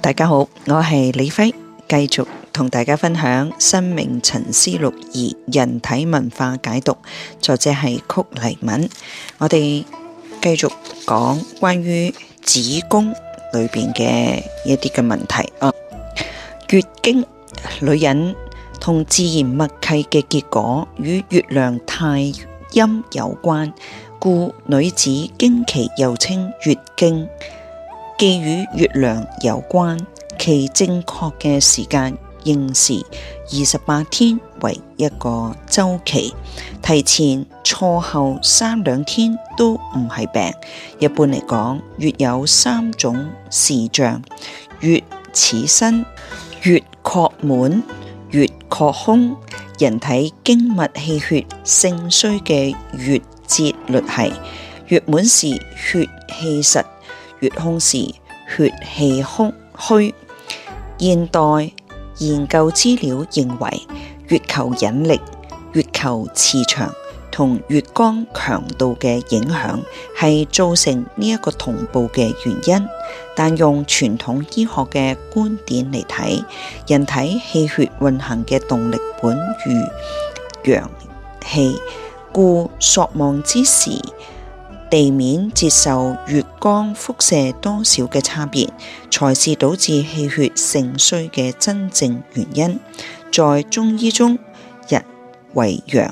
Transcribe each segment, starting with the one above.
大家好，我係李輝，繼續同大家分享《生命沉思錄二：人體文化解讀》，作者係曲黎敏。我哋繼續講關於子宮裏邊嘅一啲嘅問題。哦、啊，月經，女人同自然默契嘅結果，與月亮太陰有關，故女子經期又稱月經。既與月亮有關，其正確嘅時間應是二十八天為一個周期，提前錯後三兩天都唔係病。一般嚟講，月有三種視像：月始生、月郭滿、月郭空。人體經脈氣血盛衰嘅月節律係月滿時血氣實。月空時，血氣空虛。現代研究資料認為，月球引力、月球磁場同月光強度嘅影響係造成呢一個同步嘅原因。但用傳統醫學嘅觀點嚟睇，人體氣血運行嘅動力本如陽氣，故朔望之時。地面接受月光輻射多少嘅差別，才是導致氣血盛衰嘅真正原因。在中醫中，日為陽，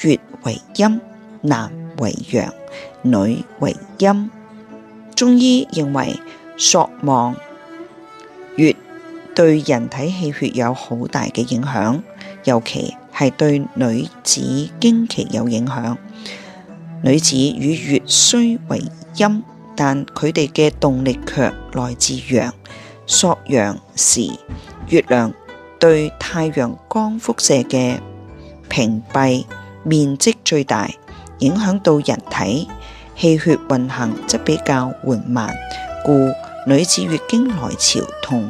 月為陰，男為陽，女為陰。中醫認為，朔望月對人體氣血有好大嘅影響，尤其係對女子經期有影響。女子與月雖為陰，但佢哋嘅動力卻來自陽。朔陽時，月亮對太陽光輻射嘅屏蔽面積最大，影響到人體氣血運行則比較緩慢，故女子月經來潮同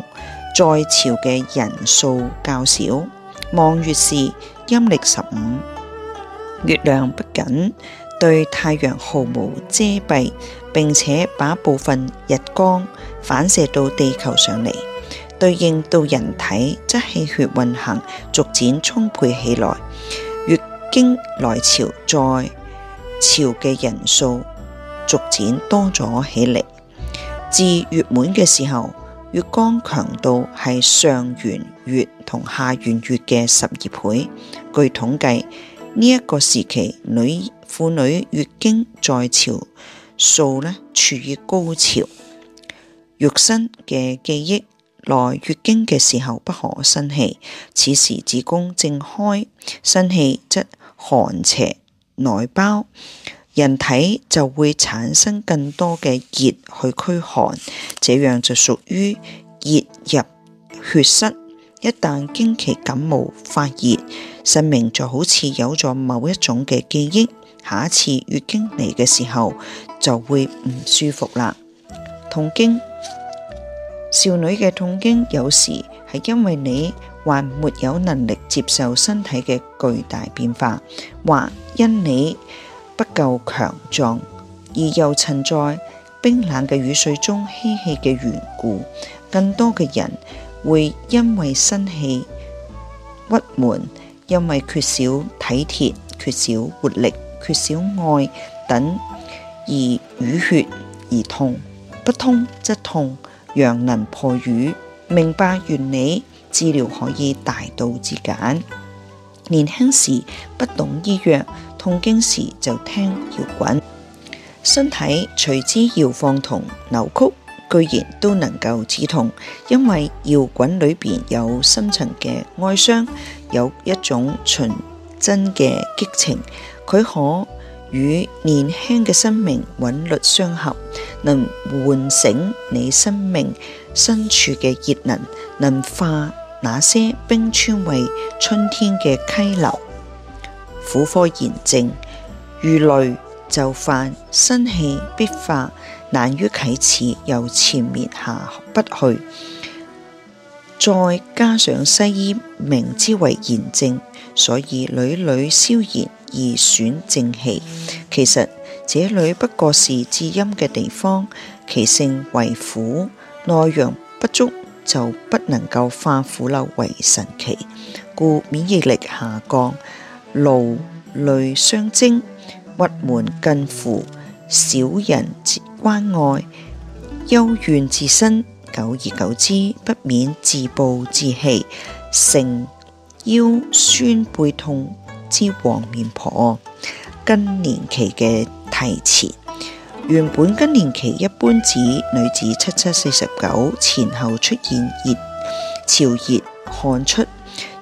在潮嘅人數較少。望月時，陰歷十五，月亮不僅對太陽毫無遮蔽，並且把部分日光反射到地球上嚟，對應到人體則氣血運行逐漸充沛起來，月經來潮再潮嘅人數逐漸多咗起嚟。至月滿嘅時候，月光強度係上弦月同下弦月嘅十二倍。據統計，呢一個時期女婦女月經在潮數呢，處於高潮。肉身嘅記憶，來月經嘅時候不可生氣，此時子宮正開，生氣則寒邪內包，人體就會產生更多嘅熱去驅寒，這樣就屬於熱入血室。一旦經期感冒發熱，生命就好似有咗某一種嘅記憶。下一次月經嚟嘅時候就會唔舒服啦。痛經，少女嘅痛經有時係因為你還沒有能力接受身體嘅巨大變化，或因你不夠強壯，而又曾在冰冷嘅雨水中嬉戲嘅緣故。更多嘅人會因為生氣、鬱悶，因為缺少體貼、缺少活力。缺少愛等而淤血而痛，不通則痛，陽能破瘀。明白原理，治療可以大道至簡。年輕時不懂醫藥，痛經時就聽搖滾，身體隨之搖晃同扭曲，居然都能夠止痛，因為搖滾裏邊有深層嘅哀傷，有一種純真嘅激情。佢可與年輕嘅生命韻律相合，能喚醒你生命深處嘅熱能，能化那些冰川為春天嘅溪流。婦科炎症遇累就犯，生氣必化，難於啟齒，由前面下不去。再加上西醫名之為炎症，所以屢屢消炎。而選正氣，其實這裏不過是至陰嘅地方，其性為苦，內陽不足就不能夠化腐朽為神奇，故免疫力下降，勞累傷精，鬱悶更苦，少人關愛，憂怨自身，久而久之不免自暴自棄，成腰痠背痛。之黃面婆更年期嘅提前，原本更年期一般指女子七七四十九前後出現熱潮熱、汗出、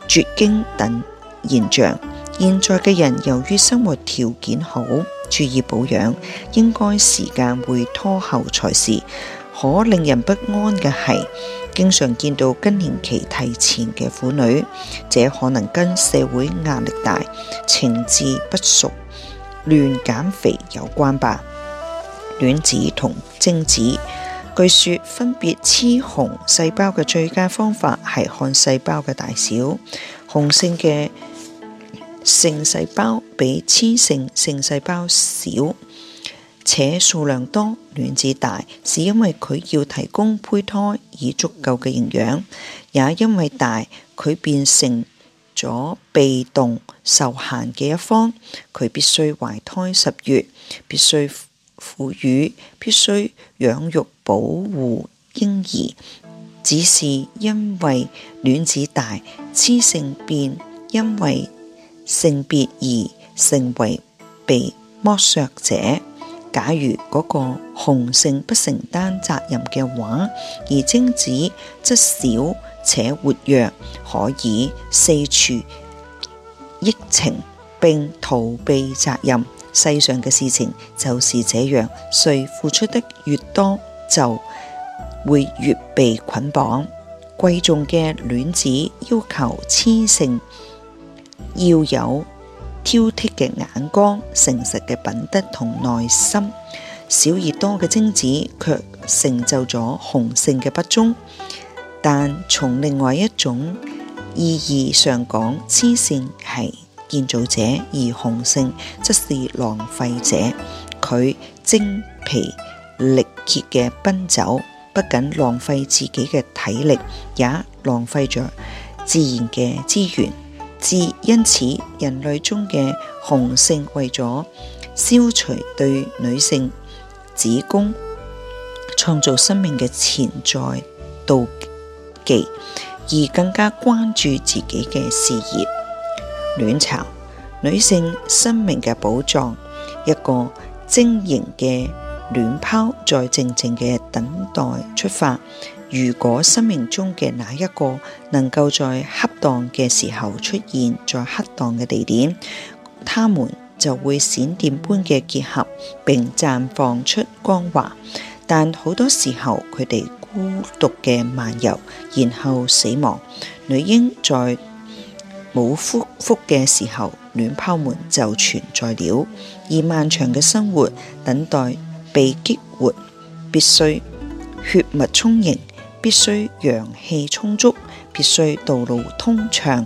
絕經等現象。現在嘅人由於生活條件好，注意保養，應該時間會拖後才是。可令人不安嘅係，經常見到更年期提前嘅婦女，這可能跟社會壓力大、情志不熟、亂減肥有關吧。卵子同精子，據說分別雌雄細胞嘅最佳方法係看細胞嘅大小，雄性嘅性細胞比雌性性細胞小。且數量多，卵子大，是因為佢要提供胚胎以足夠嘅營養，也因為大，佢變成咗被動受限嘅一方，佢必須懷胎十月，必須哺乳，必須養育保護嬰兒。只是因為卵子大，雌性便因為性別而成為被剝削者。假如嗰個雄性不承擔責任嘅話，而精子則少且活躍，可以四處疫情並逃避責任。世上嘅事情就是這樣，誰付出的越多，就會越被捆綁。貴重嘅卵子要求雌性要有挑剔嘅眼光、誠實嘅品德同耐心，小而多嘅精子卻成就咗雄性嘅不忠。但從另外一種意義上講，雌性係建造者，而雄性則是浪費者。佢精疲力竭嘅奔走，不僅浪費自己嘅體力，也浪費咗自然嘅資源。至因此，人類中嘅雄性為咗消除對女性子宮創造生命嘅潛在妒忌，而更加關注自己嘅事業。卵巢、女性生命嘅寶藏，一個晶瑩嘅卵泡在靜靜嘅等待出發。如果生命中嘅那一個能夠在恰當嘅時候出現，在恰當嘅地點，他們就會閃電般嘅結合，並綻放出光華。但好多時候，佢哋孤獨嘅漫遊，然後死亡。女嬰在冇復腹嘅時候，卵泡們就存在了，而漫長嘅生活等待被激活，必須血脈充盈。必須陽氣充足，必須道路通暢，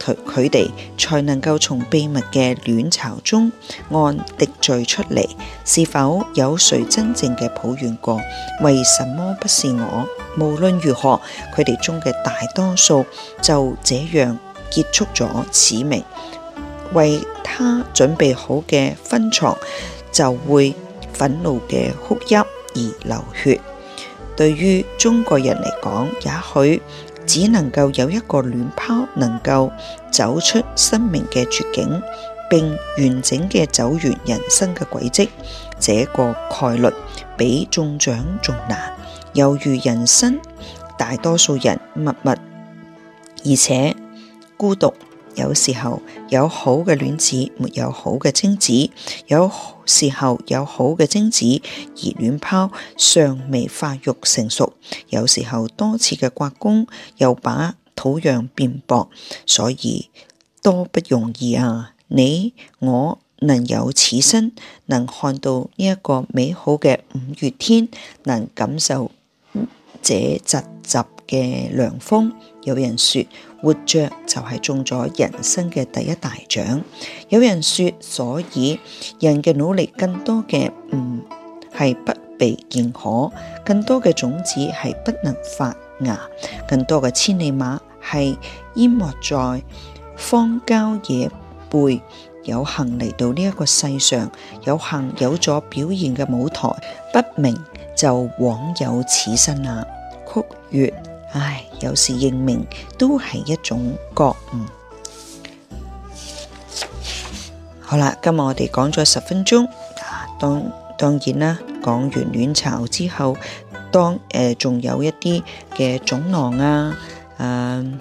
佢哋才能夠從秘密嘅卵巢中按滴墜出嚟。是否有誰真正嘅抱怨過？為什麼不是我？無論如何，佢哋中嘅大多數就這樣結束咗此命。為他準備好嘅分床就會憤怒嘅哭泣而流血。對於中國人嚟講，也許只能夠有一個卵泡，能夠走出生命嘅絕境，並完整嘅走完人生嘅軌跡，這個概率比中獎仲難。猶如人生，大多數人默默而且孤獨。有時候有好嘅卵子，沒有好嘅精子；有時候有好嘅精子，而卵泡尚未發育成熟；有時候多次嘅刮宮又把土壤變薄，所以多不容易啊！你我能有此生，能看到呢一個美好嘅五月天，能感受這集集。嘅涼風，有人說活着就係中咗人生嘅第一大獎，有人說所以人嘅努力更多嘅唔係不被認可，更多嘅種子係不能發芽，更多嘅千里馬係淹沒在荒郊野背，有幸嚟到呢一個世上，有幸有咗表現嘅舞台，不明就枉有此生啊，曲月。唉，有時認命都係一種覺悟。好啦，今日我哋講咗十分鐘，當當然啦，講完卵巢之後，當誒仲有一啲嘅腫囊啊、誒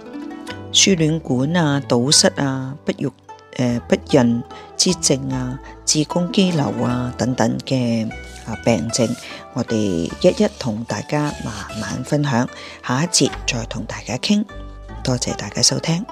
輸卵管啊堵塞啊、不育誒不孕之症啊，子宮肌瘤啊等等嘅啊病症，我哋一一同大家慢慢分享，下一節再同大家傾，多謝大家收聽。